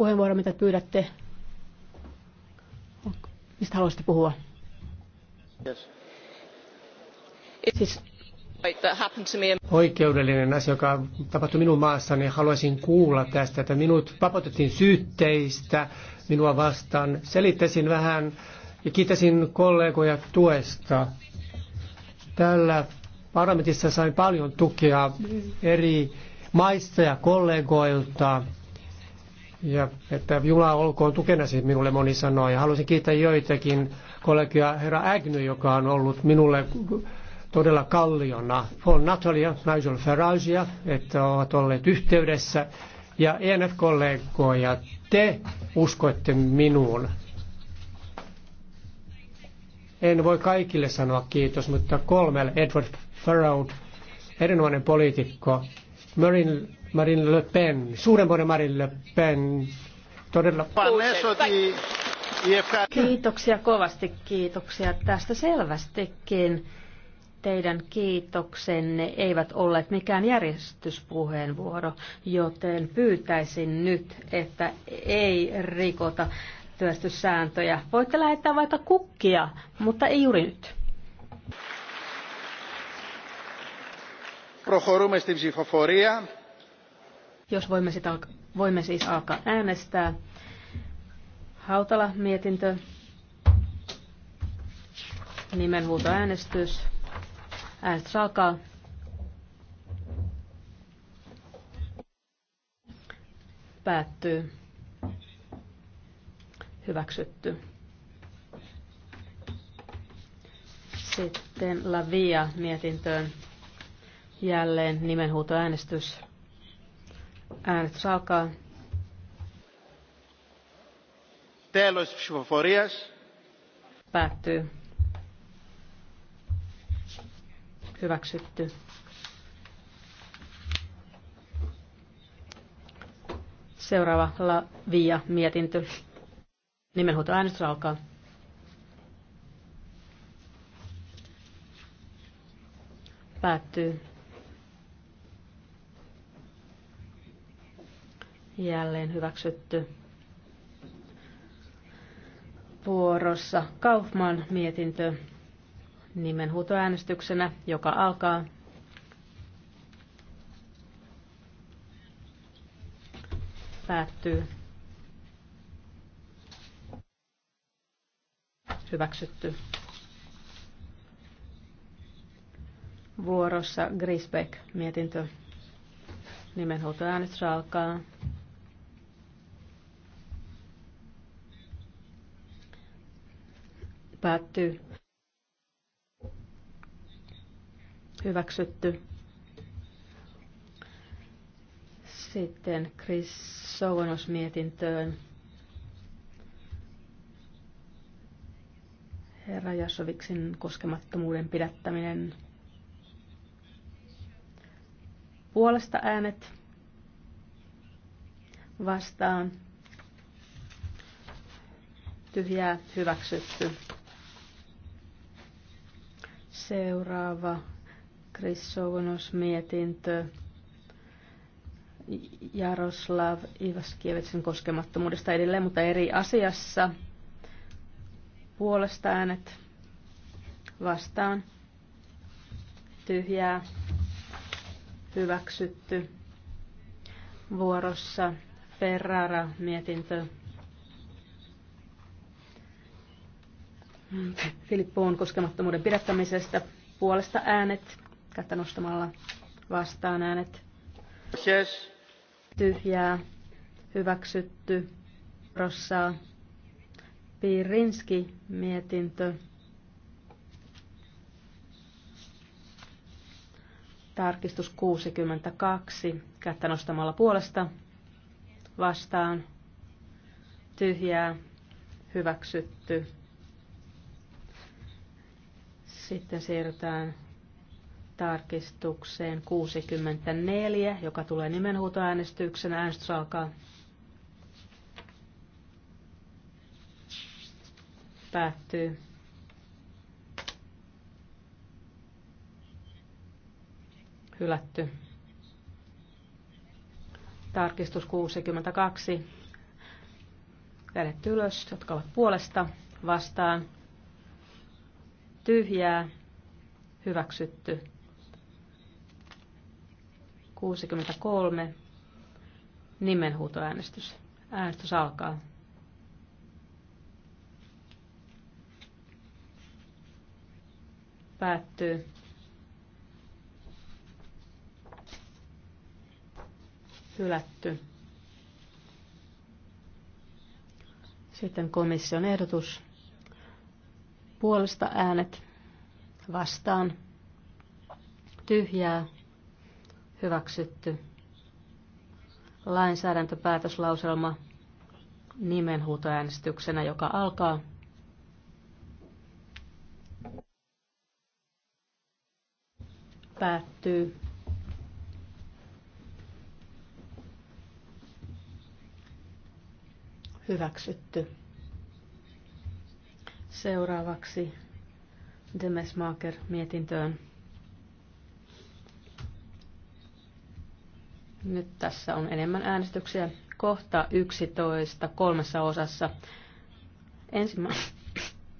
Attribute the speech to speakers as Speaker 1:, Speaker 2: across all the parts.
Speaker 1: puheenvuoro, mitä pyydätte? Mistä haluaisitte puhua? Yes. Siis
Speaker 2: oikeudellinen asia, joka tapahtui minun maassani. Haluaisin kuulla tästä, että minut vapautettiin syytteistä minua vastaan. Selittäisin vähän ja kiitäisin kollegoja tuesta. Tällä parlamentissa sain paljon tukea eri maista ja kollegoilta ja että Jula olkoon tukena siis minulle moni sanoo. Ja haluaisin kiittää joitakin kollegia herra Agny, joka on ollut minulle todella kalliona. Paul Natalia, Nigel Faragea, että ovat olleet yhteydessä. Ja ENF-kollegoja, te uskoitte minuun. En voi kaikille sanoa kiitos, mutta kolmelle Edward Farrow, erinomainen poliitikko, Marine, Marine Le Pen, vuoden Marine Le Pen, todella...
Speaker 1: Kiitoksia kovasti, kiitoksia tästä selvästikin. Teidän kiitoksenne eivät olleet mikään järjestyspuheenvuoro, joten pyytäisin nyt, että ei rikota työstyssääntöjä. Voitte lähettää vaikka kukkia, mutta ei juuri nyt.
Speaker 2: Προχωρούμε στην ψηφοφορία.
Speaker 1: Jos voimme, sitä, voimme siis alkaa äänestää. Hautala mietintö. Nimenhuuto äänestys. Äänestys alkaa. Päättyy. Hyväksytty. Sitten Lavia mietintöön. Jälleen nimenhuutoäänestys. Äänestys alkaa. Telos Päättyy. Hyväksytty. Seuraava La Via mietintö. Nimenhuutoäänestys alkaa. Päättyy. Jälleen hyväksytty. Vuorossa Kaufman mietintö nimenhuutoäänestyksenä, joka alkaa. Päättyy. Hyväksytty. Vuorossa Grisbeck mietintö. Nimenhuutoäänestys alkaa. Päättyy. Hyväksytty. Sitten Chris Sovonos mietintöön. Herra Jasoviksin koskemattomuuden pidättäminen. Puolesta äänet vastaan. Tyhjää hyväksytty. Seuraava Chris mietintö Jaroslav Ivaskievitsin koskemattomuudesta edelleen, mutta eri asiassa. Puolesta äänet vastaan. Tyhjää. Hyväksytty. Vuorossa Ferrara mietintö Filippoon koskemattomuuden pidättämisestä puolesta äänet, kättä nostamalla vastaan äänet. Yes. Tyhjää, hyväksytty, rossaa. Piirinski, mietintö. Tarkistus 62, kättä nostamalla puolesta vastaan. Tyhjää, hyväksytty sitten siirrytään tarkistukseen 64, joka tulee nimenhuutoäänestyksenä. Äänestys alkaa. Päättyy. Hylätty. Tarkistus 62. Kädet ylös, jotka ovat puolesta vastaan tyhjää, hyväksytty. 63. Nimenhuutoäänestys. Äänestys alkaa. Päättyy. Hylätty. Sitten komission ehdotus. Puolesta äänet vastaan. Tyhjää. Hyväksytty. Lainsäädäntöpäätöslauselma nimenhuutoäänestyksenä, joka alkaa. Päättyy. Hyväksytty. Seuraavaksi Demesmaker mietintöön. Nyt tässä on enemmän äänestyksiä. Kohta 11 kolmessa osassa. Ensimmä,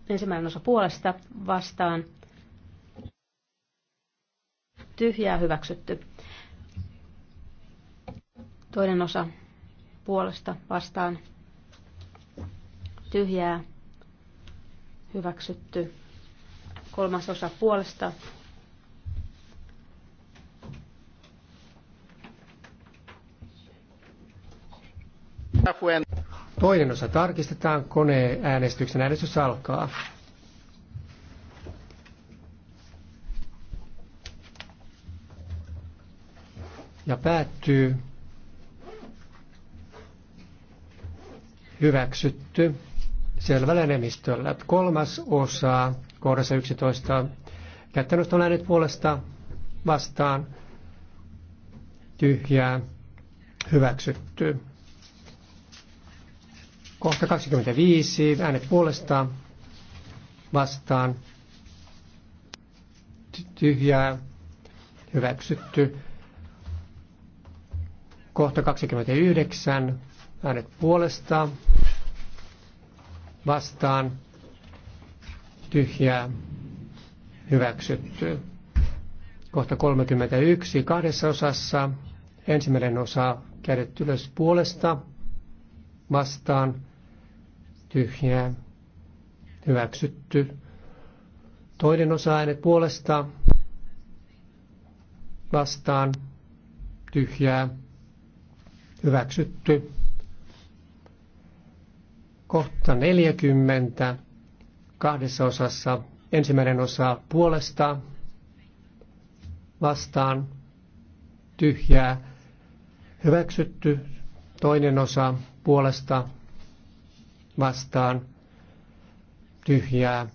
Speaker 1: ensimmäinen osa puolesta vastaan. Tyhjää hyväksytty. Toinen osa puolesta vastaan. Tyhjää Hyväksytty. Kolmas osa puolesta.
Speaker 2: Toinen osa tarkistetaan koneen äänestyksen äänestys alkaa. Ja päättyy. Hyväksytty selvällä enemmistöllä. Kolmas osa kohdassa 11 käyttänyt on äänet puolesta vastaan tyhjää hyväksytty. Kohta 25 äänet puolesta vastaan tyhjää hyväksytty. Kohta 29 äänet puolesta vastaan tyhjää hyväksytty. Kohta 31 kahdessa osassa. Ensimmäinen osa kädet ylös puolesta vastaan tyhjää hyväksytty. Toinen osa äänet puolesta vastaan tyhjää hyväksytty. Kohta 40 kahdessa osassa. Ensimmäinen osa puolesta vastaan tyhjää hyväksytty. Toinen osa puolesta vastaan tyhjää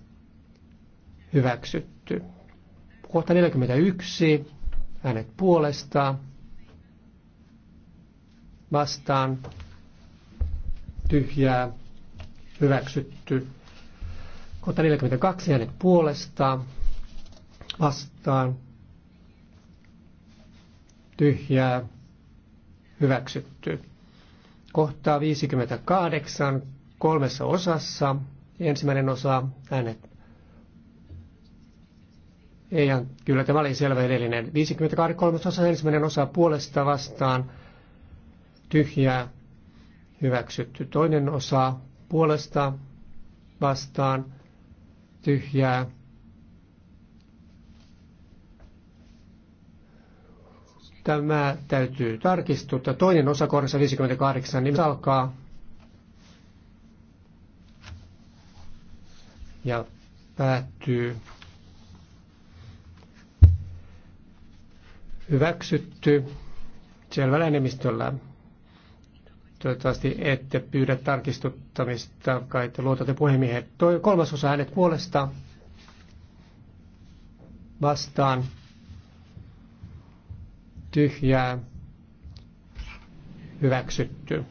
Speaker 2: hyväksytty. Kohta 41. äänet puolesta vastaan tyhjää hyväksytty. Kohta 42 äänet puolesta vastaan tyhjää hyväksytty. Kohtaa 58 kolmessa osassa. Ensimmäinen osa äänet. Ei, kyllä tämä oli selvä edellinen. 58 kolmas osa ensimmäinen osa puolesta vastaan tyhjää hyväksytty. Toinen osa puolesta vastaan tyhjää. Tämä täytyy tarkistua. Toinen osa kohdassa 58, niin alkaa. Ja päättyy. Hyväksytty selvällä enemmistöllä Toivottavasti ette pyydä tarkistuttamista, kai te luotatte puhemiehen. Toi osa äänet puolesta vastaan tyhjää hyväksytty.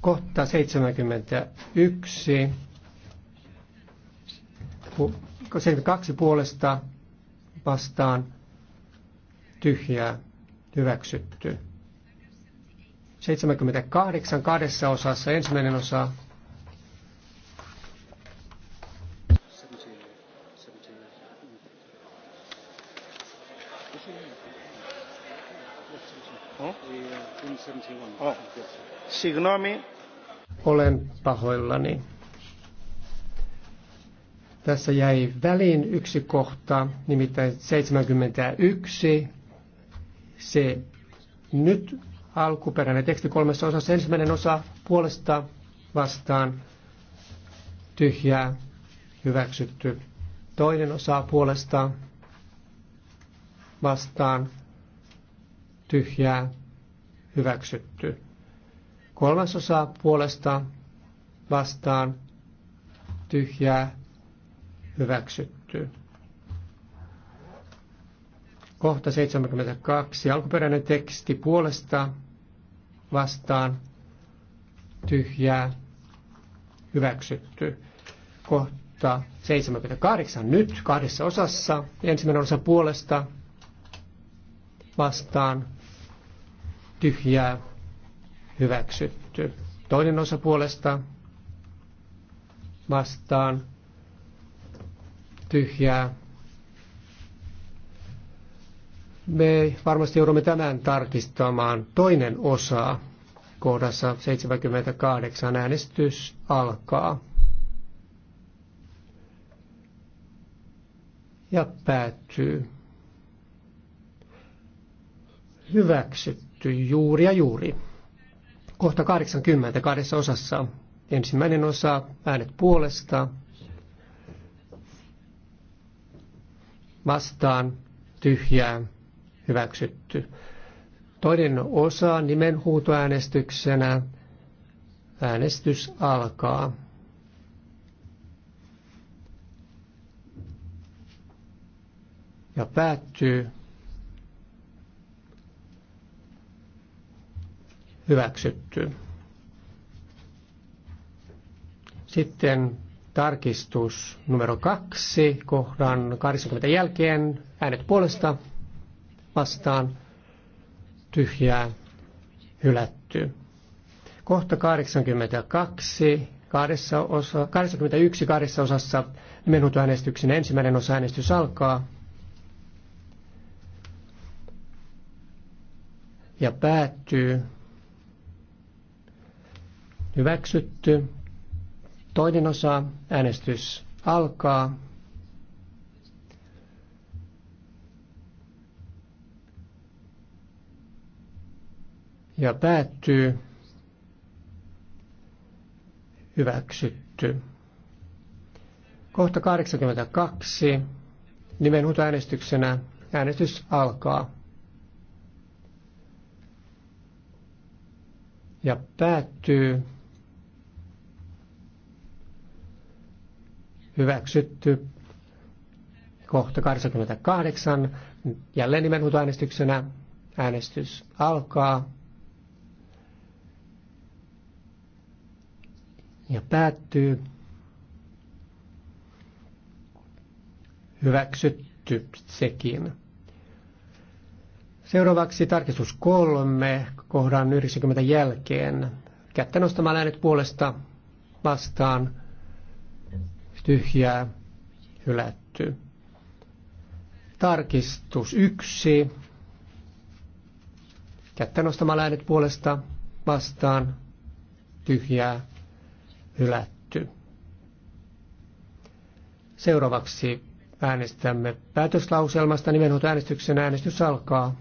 Speaker 2: Kohta 71. 72 puolesta vastaan tyhjää hyväksytty. 78 kahdessa osassa. Ensimmäinen osa signomi Olen pahoillani. Tässä jäi väliin yksi kohta, nimittäin 71. Se nyt alkuperäinen teksti kolmessa osassa. Ensimmäinen osa puolesta vastaan tyhjää hyväksytty. Toinen osa puolesta vastaan tyhjää hyväksytty. Kolmas osa puolesta vastaan tyhjää hyväksytty. Kohta 72. Alkuperäinen teksti puolesta vastaan tyhjää hyväksytty. Kohta 78 nyt kahdessa osassa. Ensimmäinen osa puolesta vastaan tyhjää hyväksytty. Toinen osa puolesta vastaan tyhjää me varmasti joudumme tämän tarkistamaan. Toinen osa kohdassa 78 äänestys alkaa. Ja päättyy. Hyväksytty juuri ja juuri. Kohta 80 kahdessa osassa. Ensimmäinen osa äänet puolesta, vastaan, tyhjää, hyväksytty. Toinen osa nimenhuutoäänestyksenä. Äänestys alkaa. Ja päättyy. Hyväksytty. Sitten tarkistus numero kaksi kohdan 80 jälkeen. Äänet puolesta vastaan tyhjää hylätty. Kohta 82, kahdessa osa, 81 kahdessa osassa menutuäänestyksen ensimmäinen osa äänestys alkaa. Ja päättyy. Hyväksytty. Toinen osa äänestys alkaa. ja päättyy hyväksytty. Kohta 82. äänestyksenä. äänestys alkaa. Ja päättyy hyväksytty. Kohta 88. Jälleen äänestyksenä. äänestys alkaa. ja päättyy. Hyväksytty sekin. Seuraavaksi tarkistus kolme kohdan 90 jälkeen. Kättä nostamalla äänet puolesta vastaan tyhjää hylätty. Tarkistus yksi. Kättä nostamalla äänet puolesta vastaan tyhjää hylätty. Seuraavaksi äänestämme päätöslauselmasta äänestyksen äänestys alkaa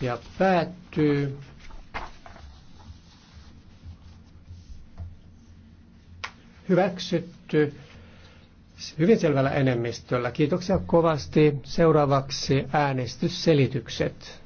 Speaker 2: ja päättyy. Hyväksytty hyvin selvällä enemmistöllä. Kiitoksia kovasti. Seuraavaksi äänestysselitykset.